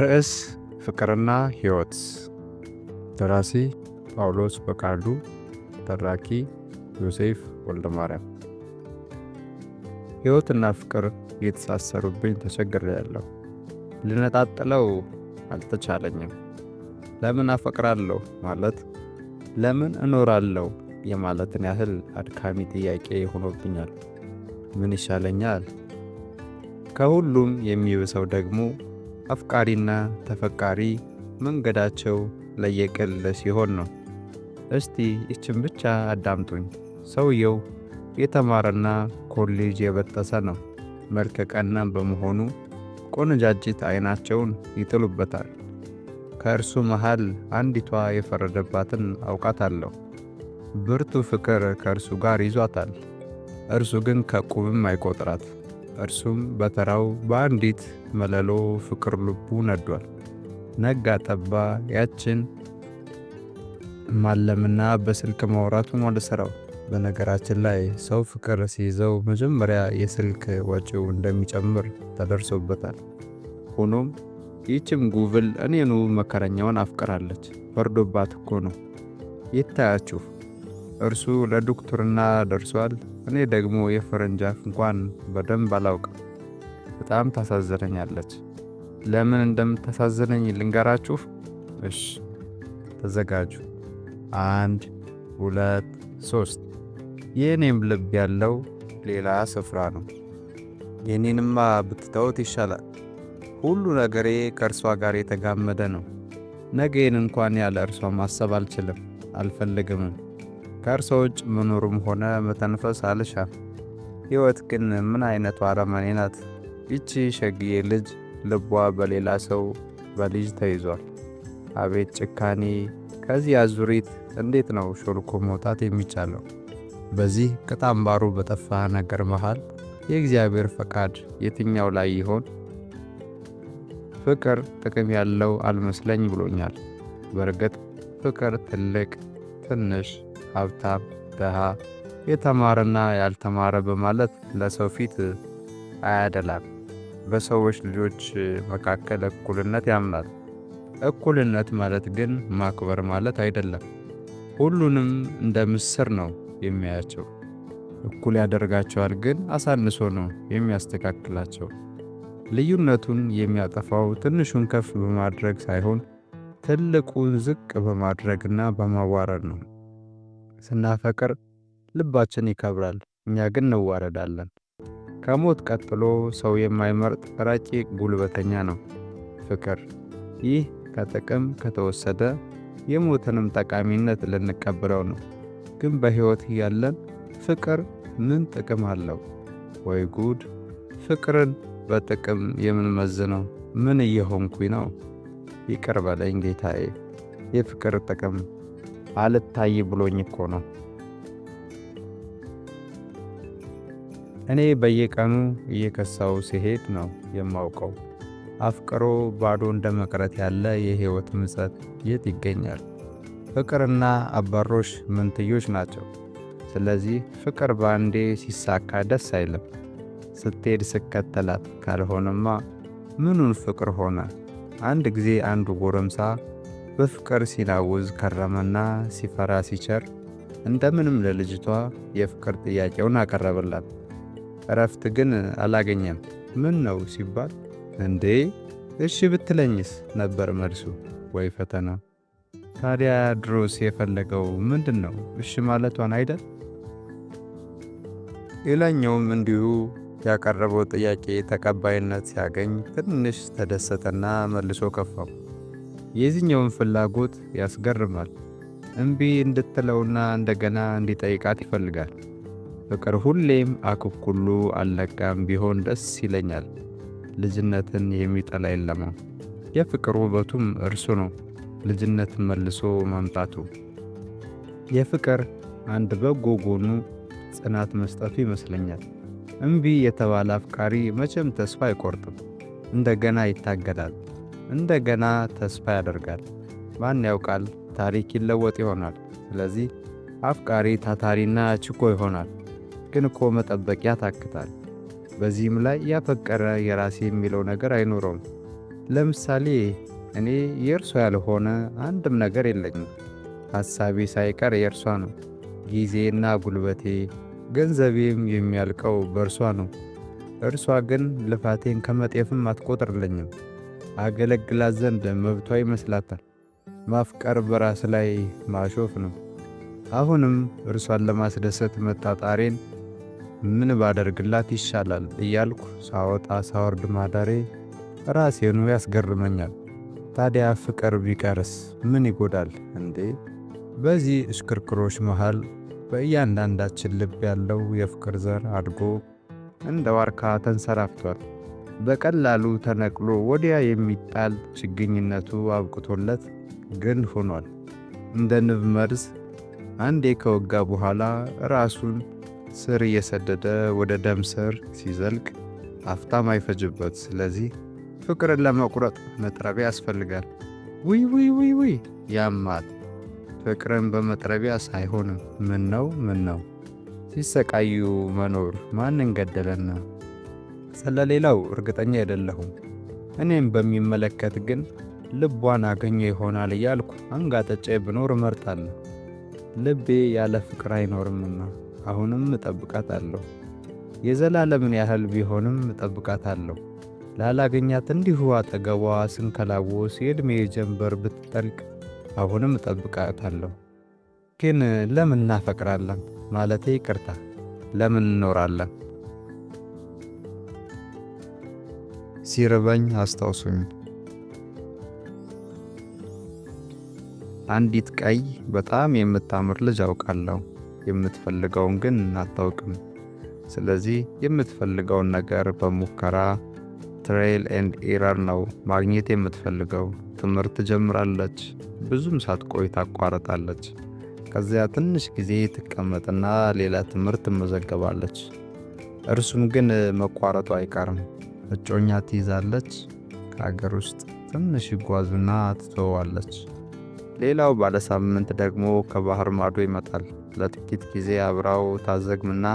ርዕስ ፍቅርና ሕይወት ደራሲ ጳውሎስ በቃሉ ተራኪ ዮሴፍ ወልደማርያም ሕይወትና ፍቅር እየተሳሰሩብኝ ተቸግር ያለሁ ልነጣጥለው አልተቻለኝም ለምን አፈቅራለሁ ማለት ለምን እኖራለሁ የማለትን ያህል አድካሚ ጥያቄ ሆኖብኛል ምን ይሻለኛል ከሁሉም የሚብሰው ደግሞ አፍቃሪና ተፈቃሪ መንገዳቸው ለየቅል ሲሆን ነው። እስቲ ይችን ብቻ አዳምጡኝ። ሰውየው የተማረና ኮሌጅ የበጠሰ ነው። መልከ ቀና በመሆኑ ቆነጃጅት አይናቸውን ይጥሉበታል። ከእርሱ መሃል አንዲቷ የፈረደባትን አውቃታለሁ። ብርቱ ፍቅር ከእርሱ ጋር ይዟታል። እርሱ ግን ከቁብም አይቆጥራት። እርሱም በተራው በአንዲት መለሎ ፍቅር ልቡ ነዷል። ነጋ ጠባ ያችን ማለምና በስልክ ማውራቱን ወደ ስራው። በነገራችን ላይ ሰው ፍቅር ሲይዘው መጀመሪያ የስልክ ወጪው እንደሚጨምር ተደርሶበታል። ሆኖም ይህችም ጉብል እኔኑ መከረኛውን አፍቅራለች። ፈርዶባት እኮ ነው። ይታያችሁ እርሱ ለዶክተርና ደርሷል። እኔ ደግሞ የፈረንጅ አፍ እንኳን በደንብ አላውቅም። በጣም ታሳዝነኛለች። ለምን እንደምታሳዝነኝ ልንገራችሁ? እሽ፣ ተዘጋጁ። አንድ ሁለት ሶስት። የእኔም ልብ ያለው ሌላ ስፍራ ነው። የኔንማ ብትተውት ይሻላል። ሁሉ ነገሬ ከእርሷ ጋር የተጋመደ ነው። ነገን እንኳን ያለ እርሷ ማሰብ አልችልም፣ አልፈልግምም። ከእርሶ ውጭ መኖሩም ሆነ መተንፈስ አልሻም። ሕይወት ግን ምን አይነቱ አረመኔ ናት! ይቺ ሸግዬ ልጅ ልቧ በሌላ ሰው በልጅ ተይዟል። አቤት ጭካኔ! ከዚህ አዙሪት እንዴት ነው ሾልኮ መውጣት የሚቻለው? በዚህ ቅጣምባሩ በጠፋ ነገር መሃል የእግዚአብሔር ፈቃድ የትኛው ላይ ይሆን? ፍቅር ጥቅም ያለው አልመስለኝ ብሎኛል። በእርግጥ ፍቅር ትልቅ ትንሽ ሀብታም፣ ደሃ የተማረና ያልተማረ በማለት ለሰው ፊት አያደላም። በሰዎች ልጆች መካከል እኩልነት ያምናል። እኩልነት ማለት ግን ማክበር ማለት አይደለም። ሁሉንም እንደ ምስር ነው የሚያያቸው። እኩል ያደርጋቸዋል፣ ግን አሳንሶ ነው የሚያስተካክላቸው። ልዩነቱን የሚያጠፋው ትንሹን ከፍ በማድረግ ሳይሆን ትልቁን ዝቅ በማድረግና በማዋረድ ነው። ስናፈቅር ልባችን ይከብራል፣ እኛ ግን እንዋረዳለን። ከሞት ቀጥሎ ሰው የማይመርጥ ረቂቅ ጉልበተኛ ነው ፍቅር። ይህ ከጥቅም ከተወሰደ የሞትንም ጠቃሚነት ልንቀበለው ነው። ግን በሕይወት ያለን ፍቅር ምን ጥቅም አለው? ወይ ጉድ! ፍቅርን በጥቅም የምንመዝነው ምን እየሆንኩኝ ነው? ይቅር በለኝ ጌታዬ። የፍቅር ጥቅም አልታይ ብሎኝ እኮ ነው። እኔ በየቀኑ እየከሳው ሲሄድ ነው የማውቀው። አፍቅሮ ባዶ እንደ መቅረት ያለ የሕይወት ምጸት የት ይገኛል? ፍቅርና አባሮሽ ምንትዮች ናቸው። ስለዚህ ፍቅር በአንዴ ሲሳካ ደስ አይልም። ስትሄድ ስከተላት፣ ካልሆነማ ምኑን ፍቅር ሆነ? አንድ ጊዜ አንዱ ጎረምሳ በፍቅር ሲላውዝ ከረመና ሲፈራ ሲቸር እንደምንም ለልጅቷ የፍቅር ጥያቄውን አቀረበላት። እረፍት ግን አላገኘም። ምን ነው ሲባል እንዴ እሺ ብትለኝስ ነበር መልሱ። ወይ ፈተና! ታዲያ ድሮስ የፈለገው ምንድን ነው? እሺ ማለቷን አይደል? ሌላኛውም እንዲሁ ያቀረበው ጥያቄ ተቀባይነት ሲያገኝ ትንሽ ተደሰተና መልሶ ከፋው። የዚህኛውን ፍላጎት ያስገርማል። እምቢ እንድትለውና እንደገና እንዲጠይቃት ይፈልጋል። ፍቅር ሁሌም አኩኩሉ አለቃም ቢሆን ደስ ይለኛል። ልጅነትን የሚጠላ የለማ። የፍቅር ውበቱም እርሱ ነው፣ ልጅነት መልሶ መምጣቱ የፍቅር አንድ በጎ ጎኑ ጽናት መስጠቱ ይመስለኛል። እምቢ የተባለ አፍቃሪ መቼም ተስፋ አይቆርጥም፣ እንደገና ይታገዳል። እንደገና ተስፋ ያደርጋል። ማን ያውቃል፣ ታሪክ ይለወጥ ይሆናል። ስለዚህ አፍቃሪ ታታሪና ችኮ ይሆናል። ግን እኮ መጠበቅ ያታክታል። በዚህም ላይ ያፈቀረ የራሴ የሚለው ነገር አይኖረውም። ለምሳሌ እኔ የእርሷ ያልሆነ አንድም ነገር የለኝም። ሐሳቤ ሳይቀር የእርሷ ነው። ጊዜና ጉልበቴ፣ ገንዘቤም የሚያልቀው በእርሷ ነው። እርሷ ግን ልፋቴን ከመጤፍም አትቆጥርልኝም። አገለግላት ዘንድ መብቷ ይመስላታል። ማፍቀር በራስ ላይ ማሾፍ ነው። አሁንም እርሷን ለማስደሰት መጣጣሬን ምን ባደርግላት ይሻላል እያልኩ ሳወጣ ሳወርድ ማዳሬ ራሴኑ ያስገርመኛል። ታዲያ ፍቅር ቢቀርስ ምን ይጎዳል እንዴ? በዚህ እሽክርክሮች መሃል በእያንዳንዳችን ልብ ያለው የፍቅር ዘር አድጎ እንደ ዋርካ ተንሰራፍቷል። በቀላሉ ተነቅሎ ወዲያ የሚጣል ችግኝነቱ አብቅቶለት ግን ሆኗል። እንደ ንብ መርዝ አንዴ ከወጋ በኋላ ራሱን ስር እየሰደደ ወደ ደም ስር ሲዘልቅ አፍታም አይፈጅበት። ስለዚህ ፍቅርን ለመቁረጥ መጥረቢያ ያስፈልጋል። ውይ ውይ ውይ ውይ ያማል። ፍቅርን በመጥረቢያ ሳይሆንም ምን ነው ምን ነው ሲሰቃዩ መኖር ማንን ገደለና? ስለሌላው እርግጠኛ አይደለሁም። እኔም በሚመለከት ግን ልቧን አገኘ ይሆናል እያልኩ አንጋጠጬ ብኖር እመርጣለሁ። ልቤ ያለ ፍቅር አይኖርምና አሁንም እጠብቃታለሁ። የዘላለምን ያህል ቢሆንም እጠብቃታለሁ። ላላገኛት እንዲሁ አጠገቧ ስንከላወስ የዕድሜ ጀንበር ብትጠልቅ አሁንም እጠብቃታለሁ። ግን ለምን እናፈቅራለን? ማለቴ ይቅርታ፣ ለምን እንኖራለን? ሲርበኝ አስታውሱኝ። አንዲት ቀይ በጣም የምታምር ልጅ አውቃለሁ፣ የምትፈልገውን ግን አታውቅም። ስለዚህ የምትፈልገውን ነገር በሙከራ ትሬይል ኤንድ ኤረር ነው ማግኘት የምትፈልገው። ትምህርት ትጀምራለች፣ ብዙም ሳትቆይ ታቋረጣለች። ከዚያ ትንሽ ጊዜ ትቀመጥና ሌላ ትምህርት ትመዘገባለች። እርሱም ግን መቋረጡ አይቀርም። እጮኛ ትይዛለች፣ ከሀገር ውስጥ ትንሽ ይጓዙና ትተዋለች። ሌላው ባለሳምንት ደግሞ ከባህር ማዶ ይመጣል። ለጥቂት ጊዜ አብራው ታዘግምና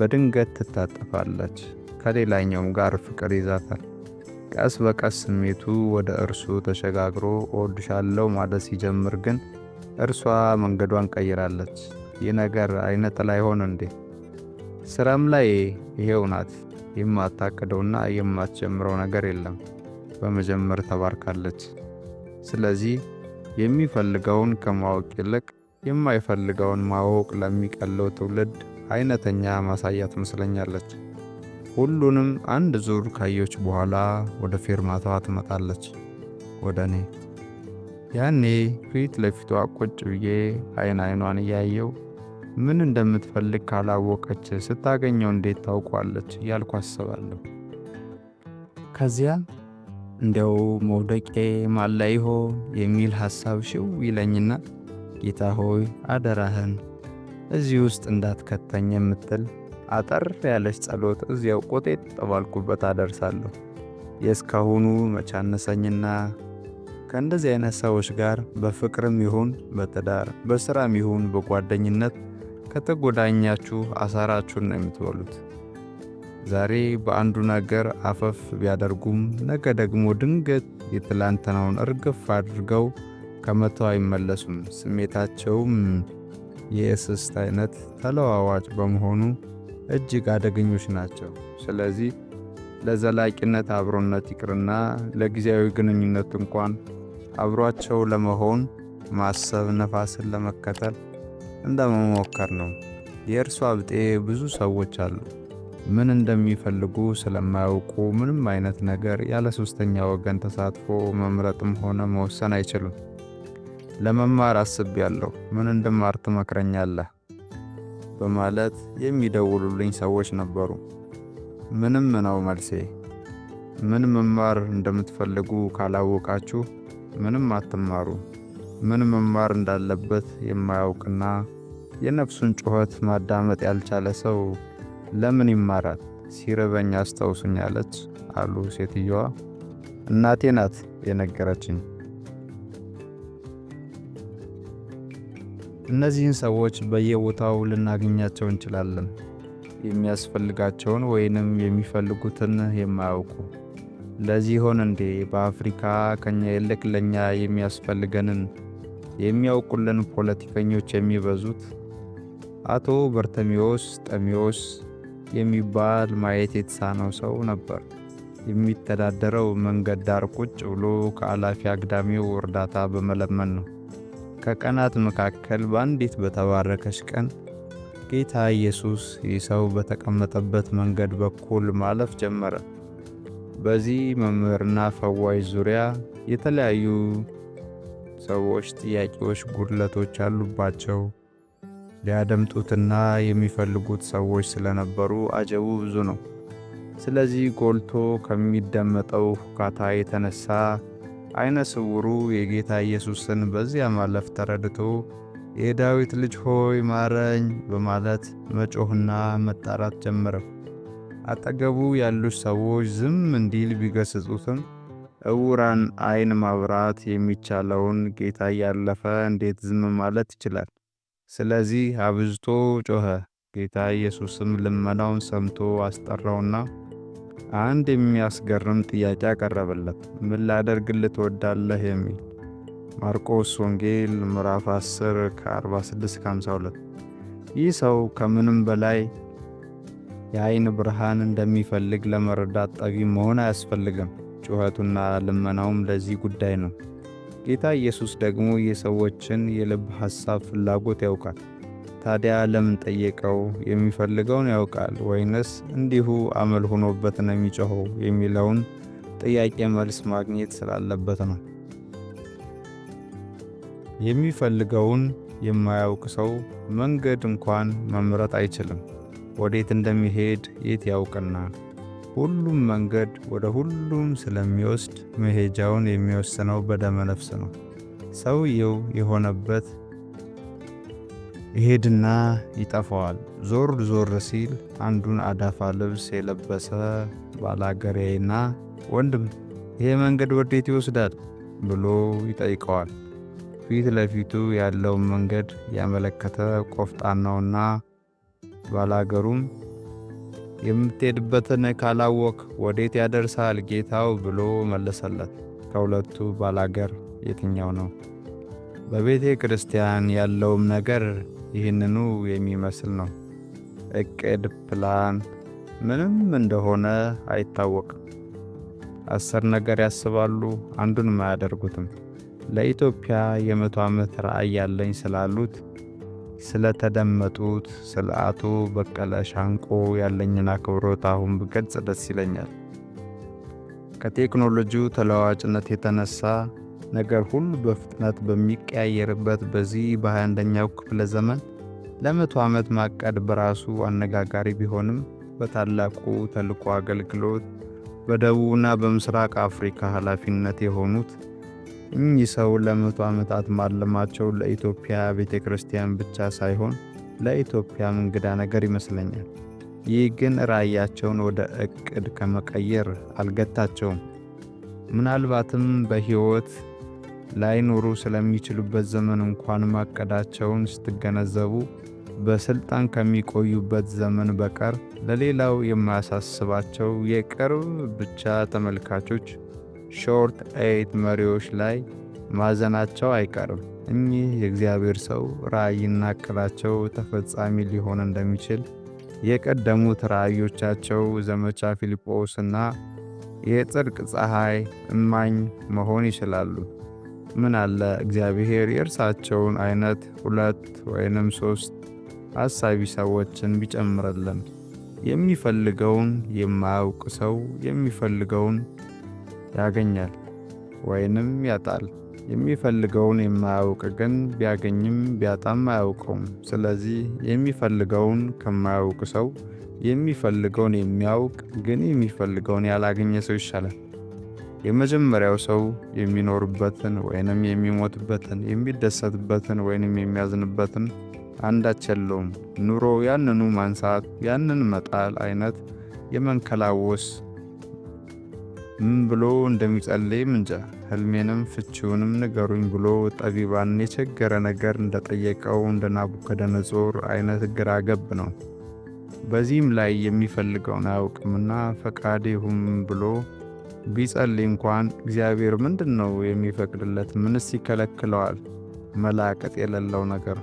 በድንገት ትታጠፋለች። ከሌላኛውም ጋር ፍቅር ይዛታል። ቀስ በቀስ ስሜቱ ወደ እርሱ ተሸጋግሮ እወድሻለሁ ማለት ሲጀምር ግን እርሷ መንገዷን ቀይራለች። ይህ ነገር አይነት ላይሆን እንዴ? ስራም ላይ ይሄው ናት። የማታቅደውና የማትጀምረው ነገር የለም። በመጀመር ተባርካለች። ስለዚህ የሚፈልገውን ከማወቅ ይልቅ የማይፈልገውን ማወቅ ለሚቀለው ትውልድ አይነተኛ ማሳያ ትመስለኛለች። ሁሉንም አንድ ዙር ካየች በኋላ ወደ ፌርማታዋ ትመጣለች፣ ወደ እኔ። ያኔ ፊት ለፊቷ ቁጭ ብዬ አይን አይኗን እያየው ምን እንደምትፈልግ ካላወቀች ስታገኘው እንዴት ታውቋለች እያልኩ አስባለሁ። ከዚያ እንዲያው መውደቄ ማላ ይሆን የሚል ሐሳብ ሽው ይለኝና ጌታ ሆይ አደራህን እዚህ ውስጥ እንዳትከተኝ የምትል አጠር ያለች ጸሎት እዚያው ቆጤ ጠባልኩበት አደርሳለሁ። የእስካሁኑ መቻነሰኝና ከእንደዚህ አይነት ሰዎች ጋር በፍቅርም ይሁን በትዳር በሥራም ይሁን በጓደኝነት ከተጎዳኛችሁ አሳራችሁን ነው የምትበሉት። ዛሬ በአንዱ ነገር አፈፍ ቢያደርጉም ነገ ደግሞ ድንገት የትላንትናውን እርግፍ አድርገው ከመተው አይመለሱም። ስሜታቸውም የእስስት አይነት ተለዋዋጭ በመሆኑ እጅግ አደገኞች ናቸው። ስለዚህ ለዘላቂነት አብሮነት ይቅርና ለጊዜያዊ ግንኙነት እንኳን አብሯቸው ለመሆን ማሰብ፣ ነፋስን ለመከተል እንደመሞከር ነው። የእርሷ ብጤ ብዙ ሰዎች አሉ። ምን እንደሚፈልጉ ስለማያውቁ ምንም አይነት ነገር ያለ ሶስተኛ ወገን ተሳትፎ መምረጥም ሆነ መወሰን አይችሉም። ለመማር አስቤያለሁ፣ ምን እንድማር ትመክረኛለህ? በማለት የሚደውሉልኝ ሰዎች ነበሩ። ምንም ነው መልሴ። ምን መማር እንደምትፈልጉ ካላወቃችሁ ምንም አትማሩ። ምን መማር እንዳለበት የማያውቅና የነፍሱን ጩኸት ማዳመጥ ያልቻለ ሰው ለምን ይማራል? ሲርበኝ አስታውሱኝ አለች አሉ ሴትየዋ። እናቴ ናት የነገረችኝ። እነዚህን ሰዎች በየቦታው ልናገኛቸው እንችላለን። የሚያስፈልጋቸውን ወይንም የሚፈልጉትን የማያውቁ ለዚህ ሆን እንዴ በአፍሪካ ከኛ ይልቅ ለእኛ የሚያስፈልገንን የሚያውቁልን ፖለቲከኞች የሚበዙት አቶ በርተሚዎስ ጠሚዎስ የሚባል ማየት የተሳነው ሰው ነበር። የሚተዳደረው መንገድ ዳር ቁጭ ብሎ ከአላፊ አግዳሚው እርዳታ በመለመን ነው። ከቀናት መካከል በአንዲት በተባረከች ቀን ጌታ ኢየሱስ ይህ ሰው በተቀመጠበት መንገድ በኩል ማለፍ ጀመረ። በዚህ መምህርና ፈዋሽ ዙሪያ የተለያዩ ሰዎች ጥያቄዎች፣ ጉድለቶች አሉባቸው። ሊያደምጡትና የሚፈልጉት ሰዎች ስለነበሩ አጀቡ ብዙ ነው። ስለዚህ ጎልቶ ከሚደመጠው ሁካታ የተነሳ አይነ ስውሩ የጌታ ኢየሱስን በዚያ ማለፍ ተረድቶ የዳዊት ልጅ ሆይ ማረኝ በማለት መጮህና መጣራት ጀመረ። አጠገቡ ያሉት ሰዎች ዝም እንዲል ቢገስጹትም ዕውራን አይን ማብራት የሚቻለውን ጌታ እያለፈ እንዴት ዝም ማለት ይችላል? ስለዚህ አብዝቶ ጮኸ። ጌታ ኢየሱስም ልመናውን ሰምቶ አስጠራውና አንድ የሚያስገርም ጥያቄ አቀረበለት። ምን ላደርግልህ ትወዳለህ? የሚል ማርቆስ ወንጌል ምዕራፍ 10 ከ46-52 ይህ ሰው ከምንም በላይ የአይን ብርሃን እንደሚፈልግ ለመረዳት ጠቢብ መሆን አያስፈልግም። ጩኸቱና ልመናውም ለዚህ ጉዳይ ነው። ጌታ ኢየሱስ ደግሞ የሰዎችን የልብ ሐሳብ ፍላጎት ያውቃል። ታዲያ ለምን ጠየቀው? የሚፈልገውን ያውቃል ወይንስ እንዲሁ አመል ሆኖበት ነው የሚጮኸው የሚለውን ጥያቄ መልስ ማግኘት ስላለበት ነው። የሚፈልገውን የማያውቅ ሰው መንገድ እንኳን መምረጥ አይችልም። ወዴት እንደሚሄድ የት ያውቅና ሁሉም መንገድ ወደ ሁሉም ስለሚወስድ መሄጃውን የሚወስነው በደመነፍስ ነው። ሰውየው የሆነበት ይሄድና ይጠፋዋል። ዞር ዞር ሲል አንዱን አዳፋ ልብስ የለበሰ ባላገሬና ወንድም ይሄ መንገድ ወዴት ይወስዳል ብሎ ይጠይቀዋል። ፊት ለፊቱ ያለውን መንገድ ያመለከተ ቆፍጣናውና ባላገሩም የምትሄድበትን ካላወቅ ወዴት ያደርሳል ጌታው ብሎ መለሰለት። ከሁለቱ ባላገር የትኛው ነው? በቤተ ክርስቲያን ያለውም ነገር ይህንኑ የሚመስል ነው። እቅድ፣ ፕላን ምንም እንደሆነ አይታወቅም። አስር ነገር ያስባሉ፣ አንዱን አያደርጉትም። ለኢትዮጵያ የመቶ ዓመት ራዕይ ያለኝ ስላሉት ስለተደመጡት ስለ አቶ በቀለ ሻንቆ ያለኝን አክብሮት አሁን ብገልጽ ደስ ይለኛል። ከቴክኖሎጂው ተለዋዋጭነት የተነሳ ነገር ሁሉ በፍጥነት በሚቀያየርበት በዚህ በ21ኛው ክፍለ ዘመን ለመቶ ዓመት ማቀድ በራሱ አነጋጋሪ ቢሆንም በታላቁ ተልእኮ አገልግሎት በደቡብና በምስራቅ አፍሪካ ኃላፊነት የሆኑት እኚህ ሰው ለመቶ ዓመታት ማለማቸው ለኢትዮጵያ ቤተ ክርስቲያን ብቻ ሳይሆን ለኢትዮጵያም እንግዳ ነገር ይመስለኛል። ይህ ግን ራእያቸውን ወደ እቅድ ከመቀየር አልገታቸውም። ምናልባትም በሕይወት ላይኖሩ ስለሚችሉበት ዘመን እንኳን ማቀዳቸውን ስትገነዘቡ በስልጣን ከሚቆዩበት ዘመን በቀር ለሌላው የማያሳስባቸው የቅርብ ብቻ ተመልካቾች ሾርት ኤይት መሪዎች ላይ ማዘናቸው አይቀርም። እኚህ የእግዚአብሔር ሰው ራእይና እቅዳቸው ተፈጻሚ ሊሆን እንደሚችል የቀደሙት ራእዮቻቸው ዘመቻ ፊልጶስና የጽድቅ ፀሐይ እማኝ መሆን ይችላሉ። ምን አለ እግዚአብሔር የእርሳቸውን አይነት ሁለት ወይንም ሶስት አሳቢ ሰዎችን ቢጨምረልን። የሚፈልገውን የማያውቅ ሰው የሚፈልገውን ያገኛል ወይንም ያጣል። የሚፈልገውን የማያውቅ ግን ቢያገኝም ቢያጣም አያውቀውም። ስለዚህ የሚፈልገውን ከማያውቅ ሰው የሚፈልገውን የሚያውቅ ግን የሚፈልገውን ያላገኘ ሰው ይሻላል። የመጀመሪያው ሰው የሚኖርበትን ወይንም የሚሞትበትን የሚደሰትበትን ወይንም የሚያዝንበትን አንዳች የለውም። ኑሮ ያንኑ ማንሳት፣ ያንን መጣል አይነት የመንከላወስ ምን ብሎ እንደሚጸልይም እንጃ። ህልሜንም ፍቺውንም ንገሩኝ ብሎ ጠቢባን የቸገረ ነገር እንደጠየቀው እንደ ናቡከደነጾር አይነት ግራ ገብ ነው። በዚህም ላይ የሚፈልገውን አያውቅምና ፈቃድ ይሁም ብሎ ቢጸልይ እንኳን እግዚአብሔር ምንድን ነው የሚፈቅድለት? ምንስ ይከለክለዋል? መላቀጥ የሌለው ነገር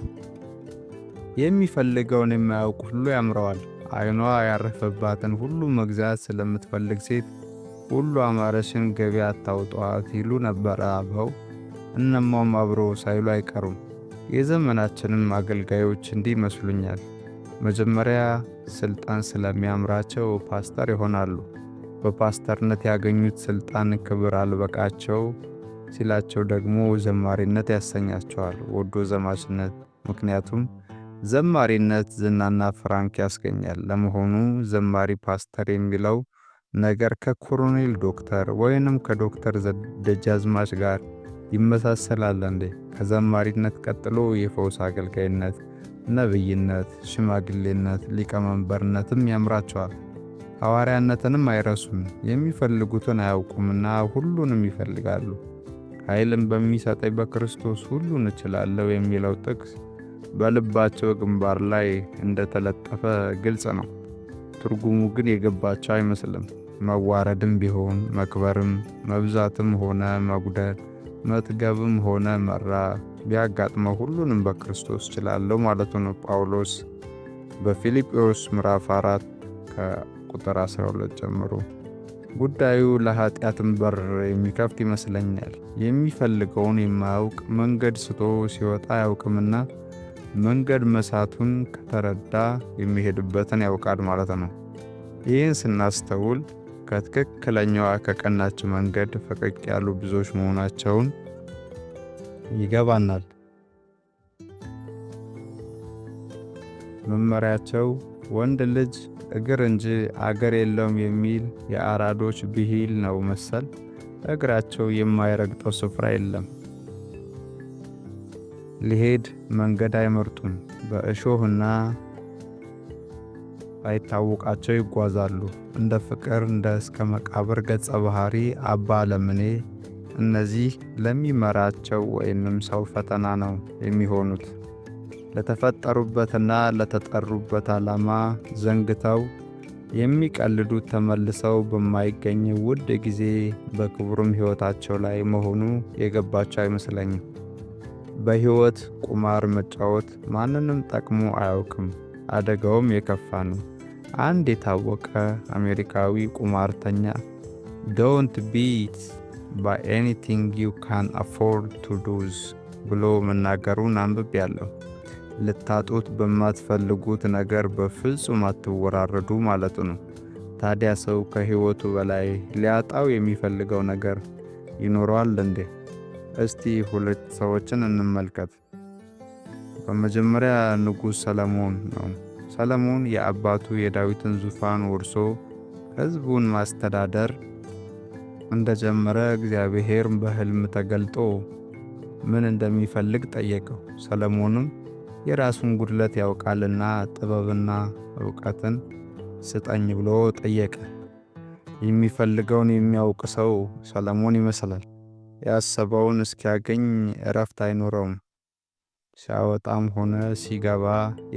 የሚፈልገውን የማያውቅ ሁሉ ያምረዋል። አይኗ ያረፈባትን ሁሉ መግዛት ስለምትፈልግ ሴት ሁሉ አማረሽን ገበያ አታውጧት ይሉ ነበር አበው። እነማውም አብሮ ሳይሉ አይቀሩም። የዘመናችንም አገልጋዮች እንዲህ ይመስሉኛል። መጀመሪያ ስልጣን ስለሚያምራቸው ፓስተር ይሆናሉ። በፓስተርነት ያገኙት ስልጣን ክብር አልበቃቸው ሲላቸው ደግሞ ዘማሪነት ያሰኛቸዋል። ወዶ ዘማችነት። ምክንያቱም ዘማሪነት ዝናና ፍራንክ ያስገኛል። ለመሆኑ ዘማሪ ፓስተር የሚለው ነገር ከኮሎኔል ዶክተር ወይንም ከዶክተር ደጃዝማች ጋር ይመሳሰላል እንዴ? ከዘማሪነት ቀጥሎ የፈውስ አገልጋይነት፣ ነብይነት፣ ሽማግሌነት፣ ሊቀመንበርነትም ያምራቸዋል። ሐዋርያነትንም አይረሱም። የሚፈልጉትን አያውቁምና ሁሉንም ይፈልጋሉ። ኃይልን በሚሰጠኝ በክርስቶስ ሁሉን እችላለሁ የሚለው ጥቅስ በልባቸው ግንባር ላይ እንደተለጠፈ ግልጽ ነው። ትርጉሙ ግን የገባቸው አይመስልም። መዋረድም ቢሆን መክበርም፣ መብዛትም ሆነ መጉደል፣ መጥገብም ሆነ መራ ቢያጋጥመው ሁሉንም በክርስቶስ ችላለሁ ማለቱ ነው። ጳውሎስ በፊልጵዎስ ምዕራፍ 4 ከቁጥር 12 ጀምሮ ጉዳዩ ለኃጢአትን በር የሚከፍት ይመስለኛል። የሚፈልገውን የማያውቅ መንገድ ስቶ ሲወጣ አያውቅምና መንገድ መሳቱን ከተረዳ የሚሄድበትን ያውቃል ማለት ነው። ይህን ስናስተውል ከትክክለኛዋ ከቀናች መንገድ ፈቀቅ ያሉ ብዙዎች መሆናቸውን ይገባናል። መመሪያቸው ወንድ ልጅ እግር እንጂ አገር የለውም የሚል የአራዶች ብሂል ነው መሰል። እግራቸው የማይረግጠው ስፍራ የለም። ሊሄድ መንገድ አይመርጡም። በእሾህና ባይታወቃቸው ይጓዛሉ። እንደ ፍቅር እንደ እስከ መቃብር ገጸ ባህሪ አባ ለምኔ እነዚህ ለሚመራቸው ወይንም ሰው ፈተና ነው የሚሆኑት። ለተፈጠሩበትና ለተጠሩበት ዓላማ ዘንግተው የሚቀልዱት ተመልሰው በማይገኝ ውድ ጊዜ በክብሩም ሕይወታቸው ላይ መሆኑ የገባቸው አይመስለኝም። በሕይወት ቁማር መጫወት ማንንም ጠቅሞ አያውቅም፣ አደጋውም የከፋ ነው። አንድ የታወቀ አሜሪካዊ ቁማርተኛ ዶንት ቢት ባይ ኤኒቲንግ ዩ ካን አፎርድ ቱ ሉዝ ብሎ መናገሩን ያለሁ ልታጡት በማትፈልጉት ነገር በፍጹም አትወራረዱ ማለት ነው። ታዲያ ሰው ከሕይወቱ በላይ ሊያጣው የሚፈልገው ነገር ይኖረዋል እንዴ? እስቲ ሁለት ሰዎችን እንመልከት። በመጀመሪያ ንጉሥ ሰለሞን ነው። ሰለሞን የአባቱ የዳዊትን ዙፋን ወርሶ ሕዝቡን ማስተዳደር እንደጀመረ እግዚአብሔር በሕልም ተገልጦ ምን እንደሚፈልግ ጠየቀው። ሰለሞንም የራሱን ጉድለት ያውቃልና ጥበብና እውቀትን ስጠኝ ብሎ ጠየቀ። የሚፈልገውን የሚያውቅ ሰው ሰለሞን ይመስላል። ያሰበውን እስኪያገኝ እረፍት አይኖረውም። ሲያወጣም ሆነ ሲገባ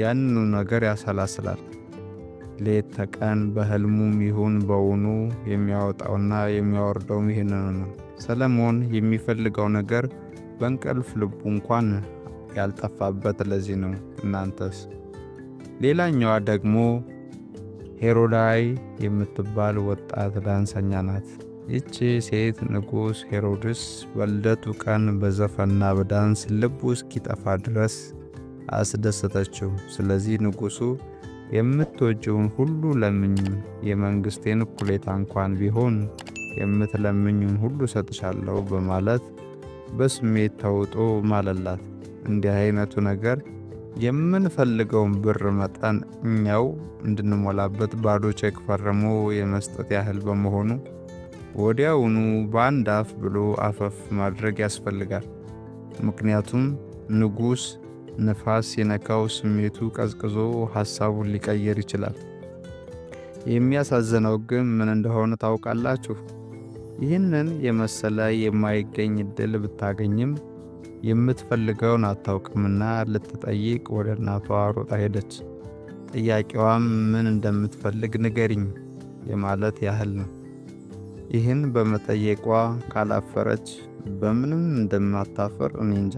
ያንኑ ነገር ያሰላስላል። ሌት ተቀን በህልሙም ይሁን በውኑ የሚያወጣውና የሚያወርደውም ይህንኑ ነው። ሰለሞን የሚፈልገው ነገር በእንቅልፍ ልቡ እንኳን ያልጠፋበት ለዚህ ነው። እናንተስ? ሌላኛዋ ደግሞ ሄሮዳይ የምትባል ወጣት ዳንሰኛ ናት። ይቺ ሴት ንጉሥ ሄሮድስ በልደቱ ቀን በዘፈንና በዳንስ ልቡ እስኪጠፋ ድረስ አስደሰተችው። ስለዚህ ንጉሡ የምትወጂውን ሁሉ ለምኝ፣ የመንግሥቴን እኩሌታ እንኳን ቢሆን የምትለምኙን ሁሉ ሰጥሻለሁ በማለት በስሜት ተውጦ ማለላት። እንዲህ አይነቱ ነገር የምንፈልገውን ብር መጠን እኛው እንድንሞላበት ባዶ ቼክ ፈርሞ የመስጠት ያህል በመሆኑ ወዲያውኑ በአንድ አፍ ብሎ አፈፍ ማድረግ ያስፈልጋል። ምክንያቱም ንጉሥ ነፋስ የነካው ስሜቱ ቀዝቅዞ ሐሳቡን ሊቀየር ይችላል። የሚያሳዝነው ግን ምን እንደሆነ ታውቃላችሁ? ይህንን የመሰለ የማይገኝ ዕድል ብታገኝም የምትፈልገውን አታውቅምና ልትጠይቅ ወደ እናቷ ሮጣ ሄደች። ጥያቄዋም ምን እንደምትፈልግ ንገሪኝ የማለት ያህል ነው። ይህን በመጠየቋ ካላፈረች በምንም እንደማታፈር እኔ እንጃ።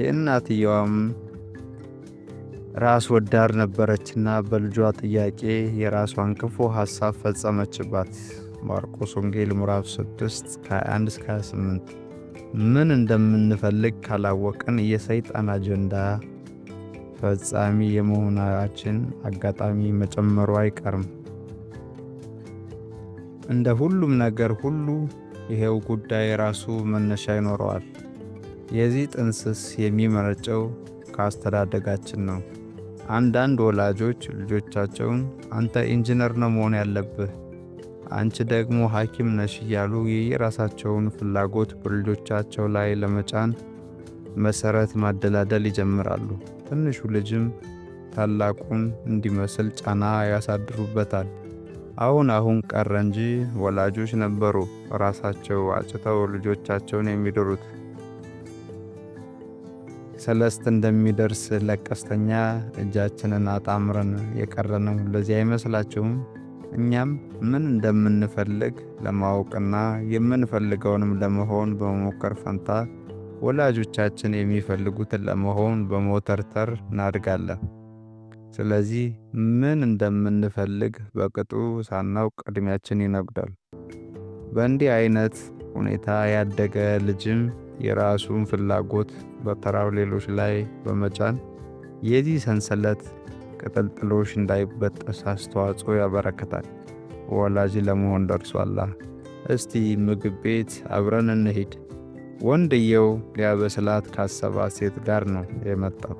የእናትየዋም ራስ ወዳድ ነበረችና በልጇ ጥያቄ የራሷን ክፉ ሐሳብ ፈጸመችባት። ማርቆስ ወንጌል ምዕራፍ 6 ከ21 እስከ 28። ምን እንደምንፈልግ ካላወቅን የሰይጣን አጀንዳ ፈጻሚ የመሆናችን አጋጣሚ መጨመሩ አይቀርም። እንደ ሁሉም ነገር ሁሉ ይሄው ጉዳይ ራሱ መነሻ ይኖረዋል። የዚህ ጥንስስ የሚመረጨው ከአስተዳደጋችን ነው። አንዳንድ ወላጆች ልጆቻቸውን አንተ ኢንጂነር ነው መሆን ያለብህ፣ አንቺ ደግሞ ሐኪም ነሽ እያሉ የየራሳቸውን ፍላጎት በልጆቻቸው ላይ ለመጫን መሰረት ማደላደል ይጀምራሉ። ትንሹ ልጅም ታላቁን እንዲመስል ጫና ያሳድሩበታል። አሁን አሁን ቀረ እንጂ ወላጆች ነበሩ ራሳቸው አጭተው ልጆቻቸውን የሚድሩት። ሰለስት እንደሚደርስ ለቀስተኛ እጃችንን አጣምረን የቀረነው ለዚህ አይመስላችሁም? እኛም ምን እንደምንፈልግ ለማወቅና የምንፈልገውንም ለመሆን በመሞከር ፈንታ ወላጆቻችን የሚፈልጉትን ለመሆን በሞተርተር እናድጋለን። ስለዚህ ምን እንደምንፈልግ በቅጡ ሳናውቅ ቅድሚያችን ይነጉዳል። በእንዲህ አይነት ሁኔታ ያደገ ልጅም የራሱን ፍላጎት በተራው ሌሎች ላይ በመጫን የዚህ ሰንሰለት ቅጥልጥሎሽ እንዳይበጠስ አስተዋጽኦ ያበረከታል። ወላጅ ለመሆን ደርሷላ። እስቲ ምግብ ቤት አብረን እንሄድ! ወንድየው ሊያበስላት ካሰባት ሴት ጋር ነው የመጣው።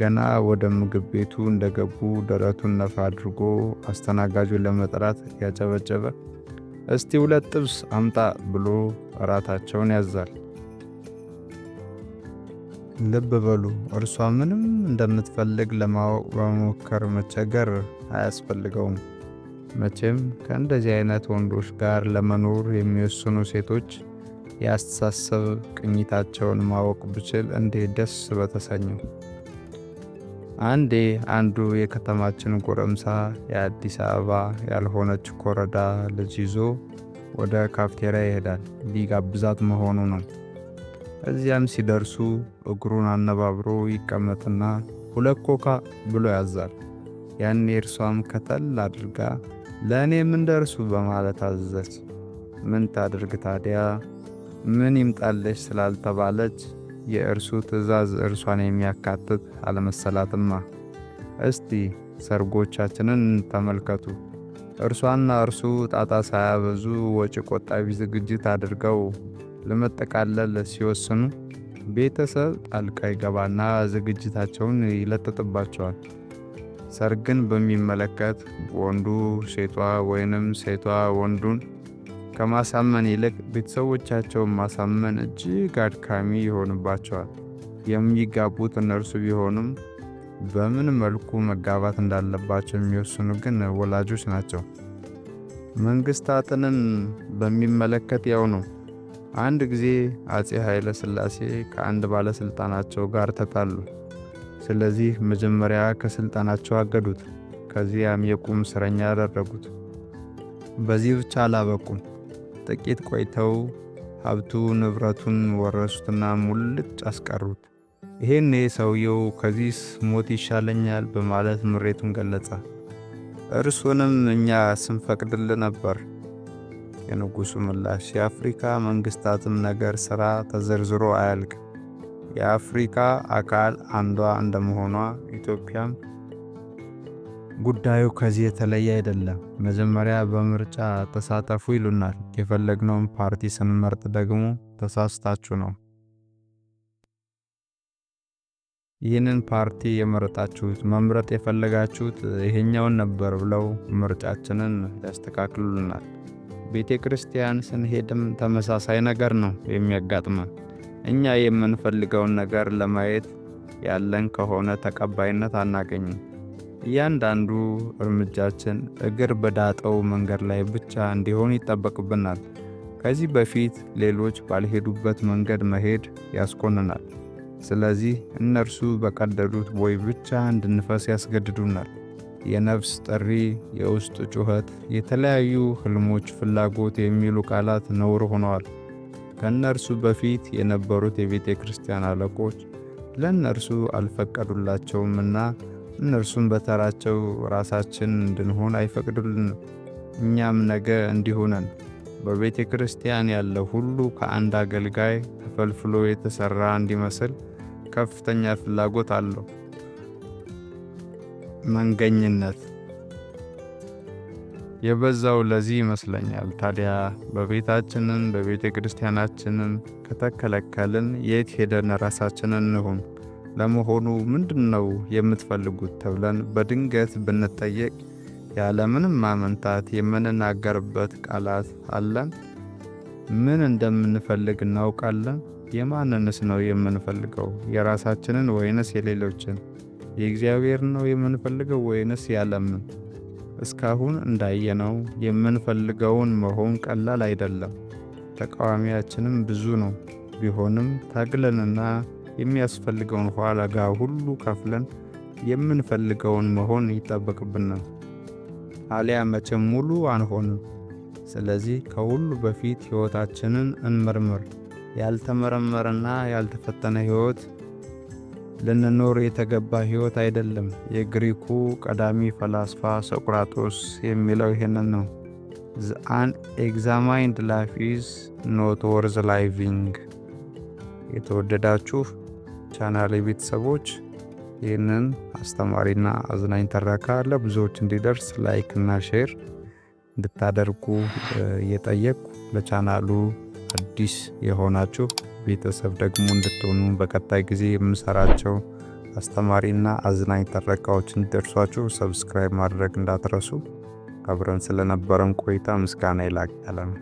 ገና ወደ ምግብ ቤቱ እንደገቡ ደረቱን ነፋ አድርጎ አስተናጋጁን ለመጥራት ያጨበጨበ እስቲ ሁለት ጥብስ አምጣ ብሎ እራታቸውን ያዛል። ልብ በሉ እርሷ ምንም እንደምትፈልግ ለማወቅ በመሞከር መቸገር አያስፈልገውም። መቼም ከእንደዚህ አይነት ወንዶች ጋር ለመኖር የሚወስኑ ሴቶች የአስተሳሰብ ቅኝታቸውን ማወቅ ብችል እንዴት ደስ በተሰኘው። አንዴ አንዱ የከተማችን ጎረምሳ የአዲስ አበባ ያልሆነች ኮረዳ ልጅ ይዞ ወደ ካፍቴሪያ ይሄዳል። ሊጋብዛት መሆኑ ነው። እዚያም ሲደርሱ እግሩን አነባብሮ ይቀመጥና ሁለት ኮካ ብሎ ያዛል። ያኔ እርሷም ከተል አድርጋ ምን ደርሱ በማለት አዘዘች። ምን ታድርግ ታዲያ ምን ይምጣለች ስላልተባለች የእርሱ ትእዛዝ እርሷን የሚያካትት አለመሰላትማ። እስቲ ሰርጎቻችንን ተመልከቱ። እርሷና እርሱ ጣጣ ሳያበዙ ወጪ ቆጣቢ ዝግጅት አድርገው ለመጠቃለል ሲወስኑ ቤተሰብ ጣልቃ ይገባና ዝግጅታቸውን ይለጥጥባቸዋል። ሰርግን በሚመለከት ወንዱ ሴቷ ወይንም ሴቷ ወንዱን ከማሳመን ይልቅ ቤተሰቦቻቸውን ማሳመን እጅግ አድካሚ ይሆንባቸዋል። የሚጋቡት እነርሱ ቢሆኑም በምን መልኩ መጋባት እንዳለባቸው የሚወስኑ ግን ወላጆች ናቸው። መንግስታትንን በሚመለከት ያው ነው። አንድ ጊዜ አፄ ኃይለ ሥላሴ ከአንድ ባለሥልጣናቸው ጋር ተጣሉ። ስለዚህ መጀመሪያ ከሥልጣናቸው አገዱት፣ ከዚያም የቁም እስረኛ አደረጉት። በዚህ ብቻ አላበቁም። ጥቂት ቆይተው ሀብቱ ንብረቱን ወረሱትና ሙልጭ አስቀሩት። ይሄኔ ሰውየው ከዚህ ሞት ይሻለኛል በማለት ምሬቱን ገለጸ። እርሱንም እኛ ስንፈቅድል ነበር። የንጉሡ ምላሽ የአፍሪካ መንግስታትም ነገር ሥራ ተዘርዝሮ አያልቅ። የአፍሪካ አካል አንዷ እንደመሆኗ ኢትዮጵያም ጉዳዩ ከዚህ የተለየ አይደለም። መጀመሪያ በምርጫ ተሳተፉ ይሉናል። የፈለግነውን ፓርቲ ስንመርጥ ደግሞ ተሳስታችሁ ነው፣ ይህንን ፓርቲ የመረጣችሁት፣ መምረጥ የፈለጋችሁት ይሄኛውን ነበር ብለው ምርጫችንን ያስተካክሉልናል። ቤተ ክርስቲያን ስንሄድም ተመሳሳይ ነገር ነው የሚያጋጥመን። እኛ የምንፈልገውን ነገር ለማየት ያለን ከሆነ ተቀባይነት አናገኝም። እያንዳንዱ እርምጃችን እግር በዳጠው መንገድ ላይ ብቻ እንዲሆን ይጠበቅብናል። ከዚህ በፊት ሌሎች ባልሄዱበት መንገድ መሄድ ያስኮንናል። ስለዚህ እነርሱ በቀደዱት ቦይ ብቻ እንድንፈስ ያስገድዱናል። የነፍስ ጥሪ፣ የውስጥ ጩኸት፣ የተለያዩ ህልሞች፣ ፍላጎት የሚሉ ቃላት ነውር ሆነዋል። ከእነርሱ በፊት የነበሩት የቤተ ክርስቲያን አለቆች ለእነርሱ አልፈቀዱላቸውምና እነርሱም በተራቸው ራሳችን እንድንሆን አይፈቅዱልንም። እኛም ነገ እንዲሆነን በቤተ ክርስቲያን ያለ ሁሉ ከአንድ አገልጋይ ተፈልፍሎ የተሠራ እንዲመስል ከፍተኛ ፍላጎት አለው። መንገኝነት የበዛው ለዚህ ይመስለኛል። ታዲያ በቤታችንም በቤተ ክርስቲያናችንም ከተከለከልን የት ሄደን ራሳችንን እንሁን? ለመሆኑ ምንድን ነው የምትፈልጉት ተብለን በድንገት ብንጠየቅ ያለምንም ማመንታት የምንናገርበት ቃላት አለን? ምን እንደምንፈልግ እናውቃለን? የማንንስ ነው የምንፈልገው? የራሳችንን ወይንስ የሌሎችን? የእግዚአብሔር ነው የምንፈልገው ወይንስ ያለምን? እስካሁን እንዳየነው የምንፈልገውን መሆን ቀላል አይደለም። ተቃዋሚያችንም ብዙ ነው። ቢሆንም ታግለንና የሚያስፈልገውን ኋላ ጋር ሁሉ ከፍለን የምንፈልገውን መሆን ይጠበቅብናል። አሊያ መቼም ሙሉ አንሆንም። ስለዚህ ከሁሉ በፊት ሕይወታችንን እንመርምር። ያልተመረመረና ያልተፈተነ ሕይወት ልንኖር የተገባ ሕይወት አይደለም። የግሪኩ ቀዳሚ ፈላስፋ ሶቅራጦስ የሚለው ይሄንን ነው። ዘአን ኤግዛማይንድ ላይፍ ኢዝ ኖት ወርዝ ላይቪንግ። የተወደዳችሁ ቻናል ቤተሰቦች ይህንን አስተማሪና አዝናኝ ትረካ ለብዙዎች እንዲደርስ ላይክና ሼር እንድታደርጉ እየጠየቅኩ ለቻናሉ አዲስ የሆናችሁ ቤተሰብ ደግሞ እንድትሆኑ በቀጣይ ጊዜ የምሰራቸው አስተማሪና አዝናኝ ትረካዎች እንዲደርሷችሁ ሰብስክራይብ ማድረግ እንዳትረሱ። አብረን ስለነበረን ቆይታ ምስጋና ይላቅ ያለ ነው።